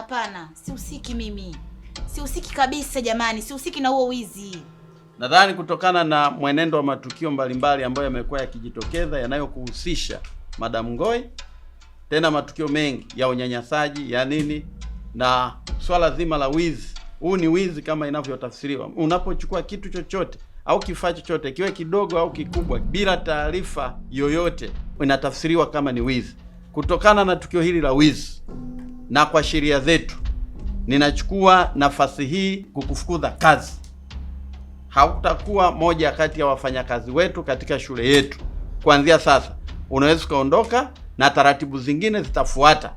Hapana, sihusiki mimi, sihusiki kabisa jamani, sihusiki na huo wizi. Nadhani kutokana na mwenendo wa matukio mbalimbali ambayo yamekuwa yakijitokeza yanayokuhusisha Madam Ngoi, tena matukio mengi ya unyanyasaji ya nini na swala zima la wizi. Huu ni wizi kama inavyotafsiriwa, unapochukua kitu chochote au kifaa chochote kiwe kidogo au kikubwa bila taarifa yoyote, inatafsiriwa kama ni wizi. Kutokana na tukio hili la wizi na kwa sheria zetu, ninachukua nafasi hii kukufukuza kazi. Hautakuwa moja kati ya wafanyakazi wetu katika shule yetu. Kuanzia sasa unaweza ukaondoka na taratibu zingine zitafuata.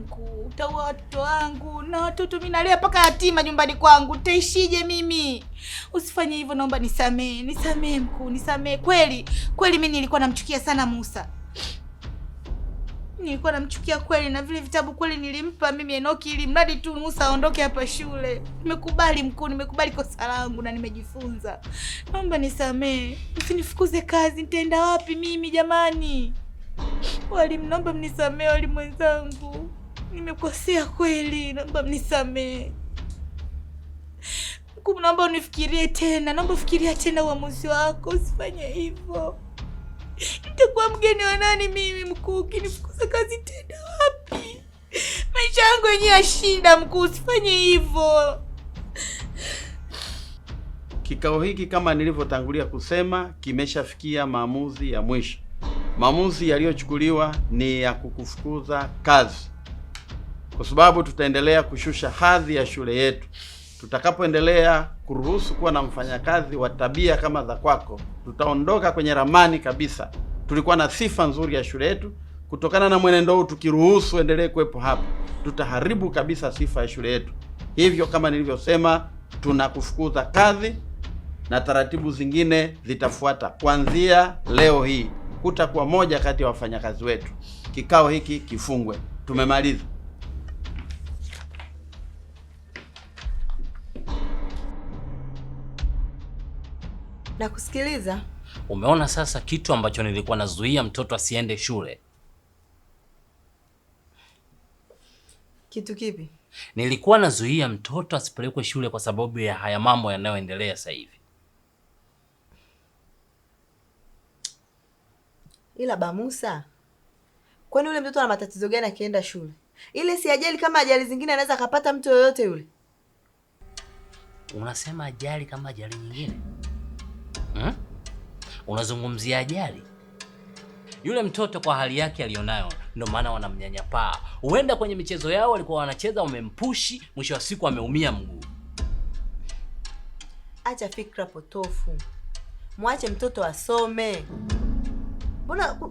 mkuu, utaua watoto wangu na watoto mimi nalea mpaka yatima nyumbani kwangu, taishije mimi? Usifanye hivyo, naomba nisamee, nisamee mkuu, nisamee kweli kweli. Mimi nilikuwa namchukia sana Musa nilikuwa namchukia kweli, na vile vitabu kweli nilimpa mimi Enoki ili mradi tu Musa aondoke hapa shule. Nimekubali mkuu, nimekubali kosa langu na nimejifunza. Naomba nisamee, usinifukuze kazi. Nitaenda wapi mimi jamani? Walimu, naomba mnisamee walimu wenzangu, nimekosea kweli, naomba mnisamee. Mkuu, naomba unifikirie tena, naomba fikiria tena uamuzi wako, usifanye hivyo. Nitakuwa mgeni wa nani mimi mkuu? Ukinifukuza kazi tena wapi? Maisha yangu yenyewe ya shida mkuu, usifanye hivyo. Kikao hiki kama nilivyotangulia kusema kimeshafikia maamuzi ya mwisho. Maamuzi yaliyochukuliwa ni ya kukufukuza kazi, kwa sababu tutaendelea kushusha hadhi ya shule yetu. Tutakapoendelea kuruhusu kuwa na mfanyakazi wa tabia kama za kwako, tutaondoka kwenye ramani kabisa. Tulikuwa na sifa nzuri ya shule yetu, kutokana na mwenendo huu, tukiruhusu endelee kuwepo hapa, tutaharibu kabisa sifa ya shule yetu. Hivyo kama nilivyosema, tunakufukuza kazi na taratibu zingine zitafuata kuanzia leo hii. Hutakuwa moja kati ya wafanyakazi wetu. Kikao hiki kifungwe. Tumemaliza. na kusikiliza. Umeona sasa, kitu ambacho nilikuwa nazuia mtoto asiende shule. Kitu kipi? Nilikuwa nazuia mtoto asipelekwe shule kwa sababu ya haya mambo yanayoendelea sasa hivi. Ila Bamusa, kwani yule mtoto ana matatizo gani akienda shule? Ile si ajali kama ajali zingine, anaweza akapata mtu yoyote yule. Unasema ajali kama ajali nyingine? Unazungumzia ajali? Yule mtoto kwa hali yake aliyonayo, ndio maana wanamnyanyapaa. Huenda kwenye michezo yao walikuwa wanacheza, wamempushi, mwisho wa siku ameumia mguu. Acha fikra potofu, mwache mtoto asome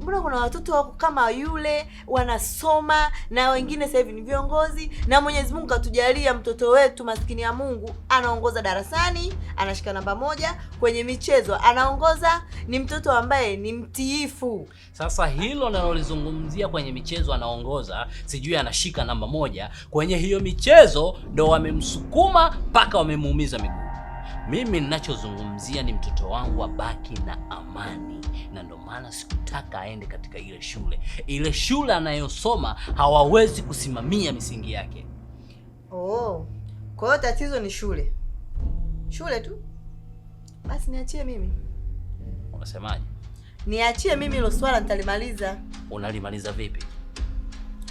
mbona kuna watoto wako kama yule wanasoma na wengine sasa hivi ni viongozi, na Mwenyezi Mungu katujalia mtoto wetu maskini ya Mungu anaongoza darasani, anashika namba moja kwenye michezo, anaongoza, ni mtoto ambaye ni mtiifu. Sasa hilo nalolizungumzia kwenye michezo, anaongoza, sijui anashika namba moja kwenye hiyo michezo, ndo wamemsukuma mpaka wamemuumiza miguu. Mimi ninachozungumzia ni mtoto wangu abaki na amani, na ndo maana sikutaka aende katika ile shule. Ile shule anayosoma hawawezi kusimamia misingi yake. Oh, kwa hiyo tatizo ni shule, shule tu? Basi niachie mimi. Unasemaje? Niachie mimi, hilo swala nitalimaliza. Unalimaliza vipi?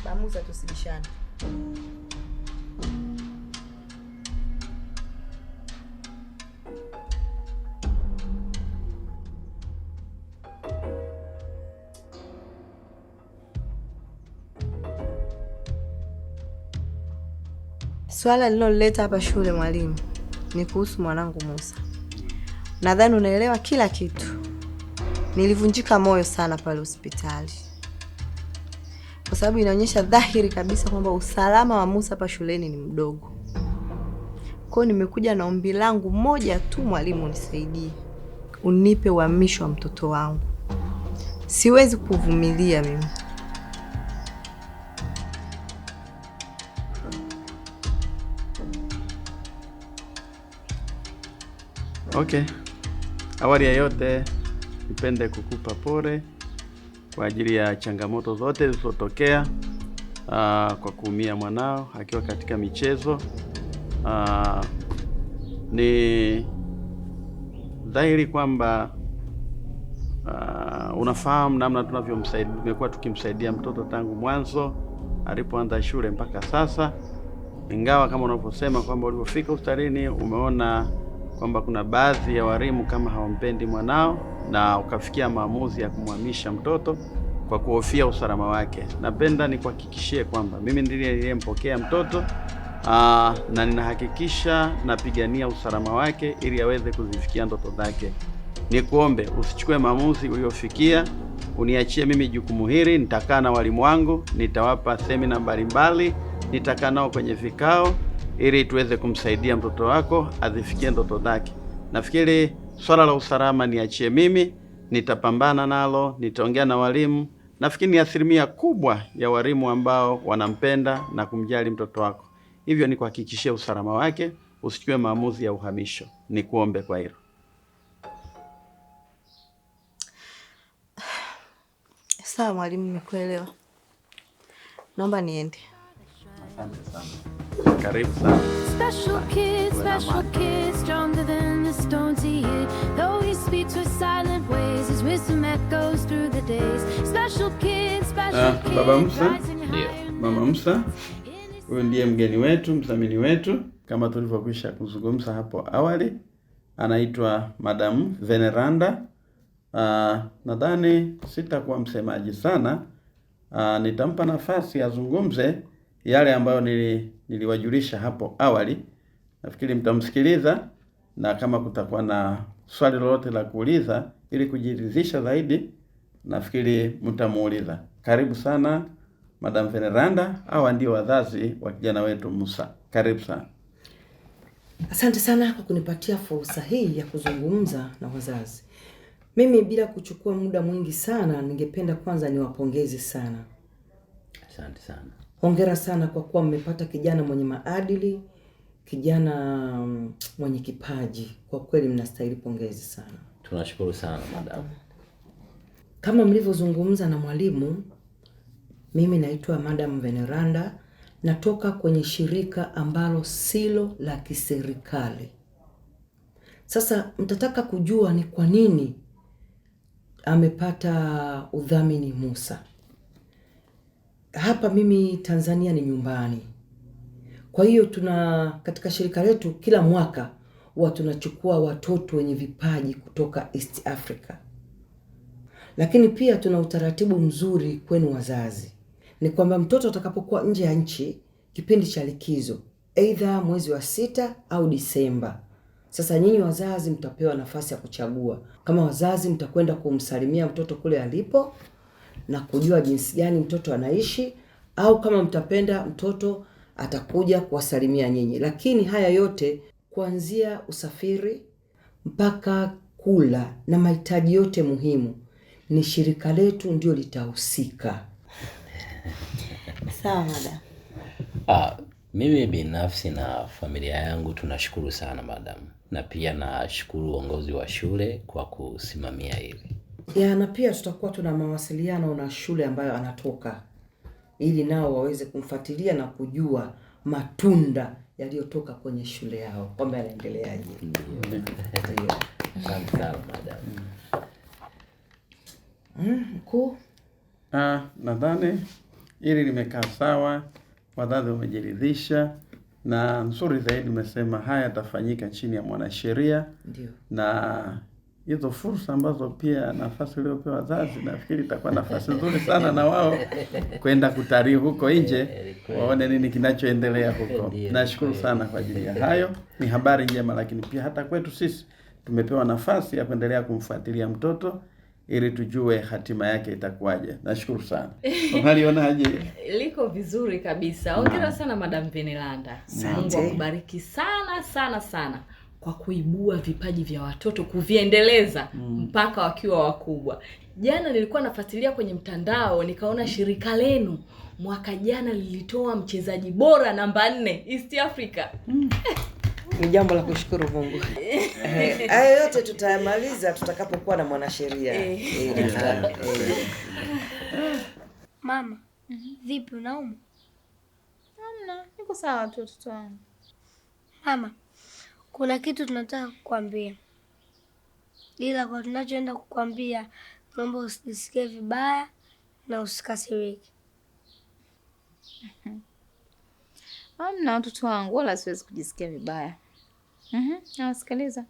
Bamuza, tusibishane. Swala lililoleta hapa shule mwalimu ni kuhusu mwanangu Musa. Nadhani unaelewa kila kitu. Nilivunjika moyo sana pale hospitali, kwa sababu inaonyesha dhahiri kabisa kwamba usalama wa Musa hapa shuleni ni mdogo. Kwa hiyo nimekuja na ombi langu moja tu, mwalimu, unisaidie, unipe uhamisho wa mtoto wangu. Siwezi kuvumilia mimi. Okay, awali ya yote nipende kukupa pole kwa ajili ya changamoto zote zilizotokea ah, kwa kuumia mwanao akiwa katika michezo. Aa, ah, ni dhahiri kwamba Uh, unafahamu namna tunavyomsaidia, tumekuwa tukimsaidia mtoto tangu mwanzo alipoanza shule mpaka sasa, ingawa kama unavyosema kwamba ulipofika ustarini umeona kwamba kuna baadhi ya walimu kama hawampendi mwanao na ukafikia maamuzi ya kumhamisha mtoto kwa kuhofia usalama wake. Napenda nikuhakikishie kwamba mimi ndiye niliyempokea mtoto aa, na ninahakikisha napigania usalama wake ili aweze kuzifikia ndoto zake. Nikuombe usichukue maamuzi uliofikia, uniachie mimi jukumu hili. Nitakaa na walimu wangu, nitawapa semina mbalimbali, nitakaa nao kwenye vikao ili tuweze kumsaidia mtoto wako azifikie ndoto zake. Nafikiri swala la usalama niachie mimi, nitapambana nalo, nitaongea na walimu. Nafikiri ni asilimia kubwa ya walimu ambao wanampenda na kumjali mtoto wako, hivyo ni kuhakikishia usalama wake. Usichukue maamuzi ya uhamisho, ni kuombe kwa hilo. Sawa mwalimu, nimekuelewa. Naomba niende. Asante sana. Karibu sana. Baba Musa, Mama Musa huyu ndiye mgeni wetu, mthamini wetu kama tulivyokwisha kuzungumza hapo awali, anaitwa Madam Veneranda. Uh, nadhani sitakuwa msemaji sana. Uh, nitampa nafasi azungumze yale ambayo nili niliwajulisha hapo awali. Nafikiri mtamsikiliza na kama kutakuwa na swali lolote la kuuliza ili kujiridhisha zaidi, nafikiri mtamuuliza. Karibu sana Madam Veneranda. Hawa ndio wazazi wa kijana wetu Musa. Karibu sana. Asante sana kwa kunipatia fursa hii ya kuzungumza na wazazi. Mimi bila kuchukua muda mwingi sana, ningependa kwanza niwapongeze sana. Asante sana hongera sana kwa kuwa mmepata kijana mwenye maadili, kijana mm, mwenye kipaji. Kwa kweli mnastahili pongezi sana. Tunashukuru sana madam. Kama mlivyozungumza na mwalimu, mimi naitwa Madam Veneranda, natoka kwenye shirika ambalo silo la kiserikali. Sasa mtataka kujua ni kwa nini amepata udhamini Musa hapa mimi Tanzania ni nyumbani. Kwa hiyo tuna katika shirika letu kila mwaka huwa tunachukua watoto wenye vipaji kutoka East Africa, lakini pia tuna utaratibu mzuri kwenu wazazi, ni kwamba mtoto atakapokuwa nje ya nchi kipindi cha likizo, aidha mwezi wa sita au Disemba. Sasa nyinyi wazazi mtapewa nafasi ya kuchagua. Kama wazazi, mtakwenda kumsalimia mtoto kule alipo na kujua jinsi gani mtoto anaishi, au kama mtapenda mtoto atakuja kuwasalimia nyinyi. Lakini haya yote kuanzia usafiri mpaka kula na mahitaji yote muhimu, ni shirika letu ndio litahusika. Sawa madam. Ah, mimi binafsi na familia yangu tunashukuru sana madam, na pia nashukuru uongozi wa shule kwa kusimamia hili ya na pia tutakuwa tuna mawasiliano na shule ambayo anatoka ili nao waweze kumfuatilia na kujua matunda yaliyotoka kwenye shule yao kwamba yanaendeleaje. Mm, mkuu, ah, nadhani hili limekaa sawa, wadadhi wamejiridhisha na nzuri zaidi umesema haya yatafanyika chini ya mwanasheria na hizo fursa ambazo pia nafasi uliopewa wazazi, nafikiri itakuwa nafasi nzuri sana na wao kwenda kutalii huko nje, eh, eh, waone nini kinachoendelea huko. Nashukuru sana kwa ajili ya hayo, ni habari njema, lakini pia hata kwetu sisi tumepewa nafasi ya kuendelea kumfuatilia mtoto ili tujue hatima yake itakuwaje. Nashukuru sana. Unalionaje? Liko vizuri kabisa. Hongera sana Madam Penelanda, Mungu akubariki sana sana sana kwa kuibua vipaji vya watoto kuviendeleza mm. mpaka wakiwa wakubwa. Jana nilikuwa nafuatilia kwenye mtandao nikaona shirika lenu mwaka jana lilitoa mchezaji bora namba nne East Africa mm. Ni jambo la kushukuru Mungu. Hayo yote tutayamaliza tutakapokuwa na mwanasheria. Eh. Eh, eh. Mama, vipi unauma? Hamna, niko sawa tu, mtoto wangu. Mama, kuna kitu tunataka kukwambia, ila kwa tunachoenda kukwambia, naomba usijisikie vibaya na usikasirike. Mhm. Amna watoto wangu, wala siwezi kujisikia vibaya. Mhm. Nawasikiliza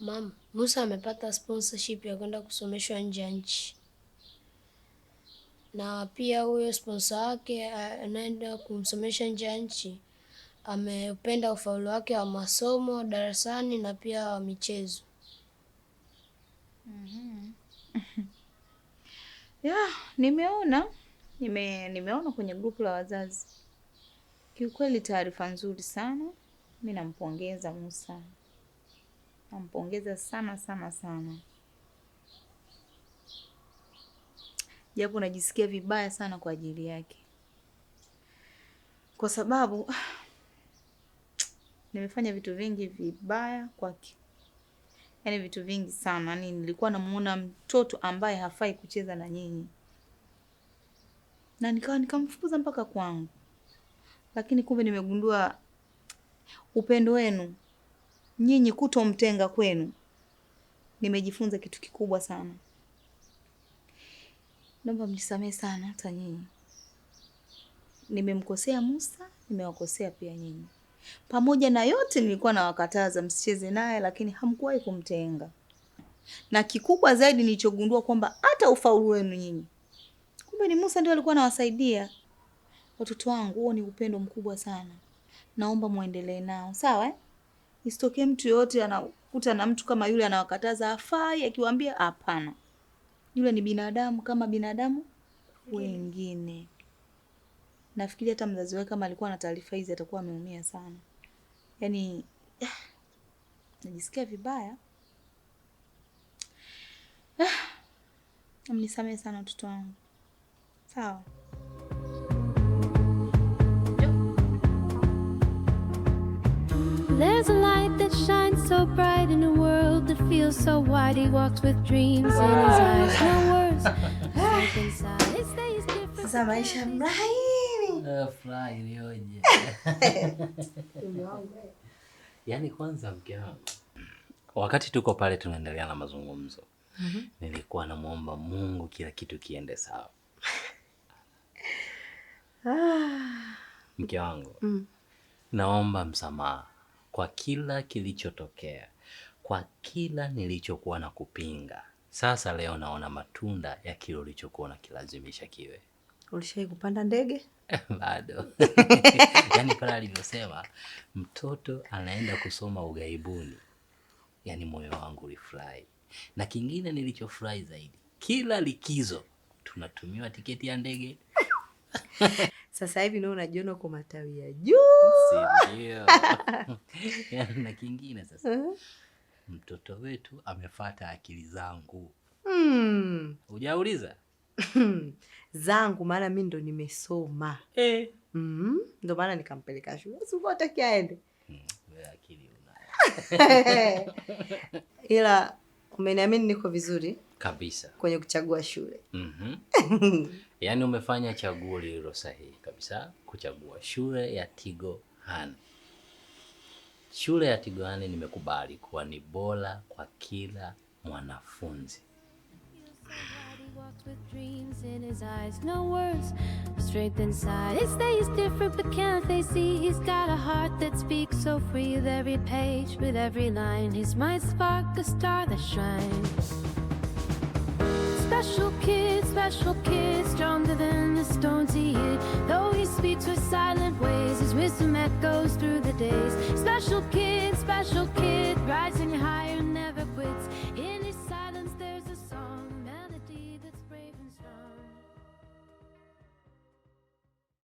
mama. Musa amepata sponsorship ya kwenda kusomeshwa nje ya nchi, na pia huyo sponsor wake eh, anaenda kumsomesha nje ya nchi Ameupenda ufaulu wake wa masomo darasani na pia wa michezo. mm -hmm. Yeah, nimeona nime, nimeona kwenye grupu la wazazi. Kiukweli taarifa nzuri sana. Mi nampongeza Musa, nampongeza sana sana sana, japo najisikia vibaya sana kwa ajili yake kwa sababu ah, nimefanya vitu vingi vibaya kwake, yaani vitu vingi sana. Yaani nilikuwa namuona mtoto ambaye hafai kucheza na nyinyi, na nikawa nikamfukuza mpaka kwangu, lakini kumbe nimegundua upendo wenu nyinyi, kutomtenga kwenu, nimejifunza kitu kikubwa sana. Naomba mnisamehe sana, hata nyinyi nimemkosea Musa, nimewakosea pia nyinyi. Pamoja na yote nilikuwa nawakataza msicheze naye, lakini hamkuwahi kumtenga. Na kikubwa zaidi nilichogundua kwamba hata ufaulu wenu nyinyi, kumbe ni Musa ndio alikuwa anawasaidia. Watoto wangu, huo ni upendo mkubwa sana, naomba muendelee nao, sawa eh? Isitokee mtu yoyote anakuta na mtu kama yule anawakataza afai akiwaambia hapana. Yule ni binadamu kama binadamu wengine nafikiri hata mzazi wake kama alikuwa na taarifa hizi atakuwa ameumia sana. Yaani ah, najisikia vibaya. Ah, Mnisamehe sana mtoto wangu, sawa? There's a light that shines so bright in a world that feels so wide. He walks with dreams in his eyes, no words. Sasa maisha mrai Mbona furaha ilioje! Yaani, kwanza mke wangu, wakati tuko pale tunaendelea na mazungumzo mm -hmm. Nilikuwa namwomba Mungu kila kitu kiende sawa ah. mke wangu mm. Naomba msamaha kwa kila kilichotokea, kwa kila nilichokuwa na kupinga. Sasa leo naona matunda ya kile ulichokuwa na kilazimisha kiwe Ulishai kupanda ndege? Bado. Yaani pale alivyosema mtoto anaenda kusoma ugaibuni, yaani moyo wangu ulifurahi. Na kingine nilichofurahi zaidi, kila likizo tunatumiwa tiketi ya ndege. Sasa hivi nao unajiona kwa matawi ya juu, si ndio? Yaani na kingine sasa, uh-huh. mtoto wetu amefata akili zangu. mm. Hujauliza? zangu, maana mi ndo nimesoma eh. Mm, ndo maana nikampeleka shule, sikutaki aende mm, ila umeniamini niko vizuri kabisa kwenye kuchagua shule mm -hmm. Yaani umefanya chaguo lililo sahihi kabisa, kuchagua shule ya tigo han Shule ya han nimekubali kuwa ni bora kwa kila mwanafunzi. with dreams in his eyes, no words, strength inside. his day is different, but can't they see he's got a heart that speaks so free with every page, with every line? His mind spark a star that shines. Special kid, special kid, stronger than the stones he hit. Though he speaks with silent ways, his wisdom echoes through the days. Special kid, special kid, rising higher.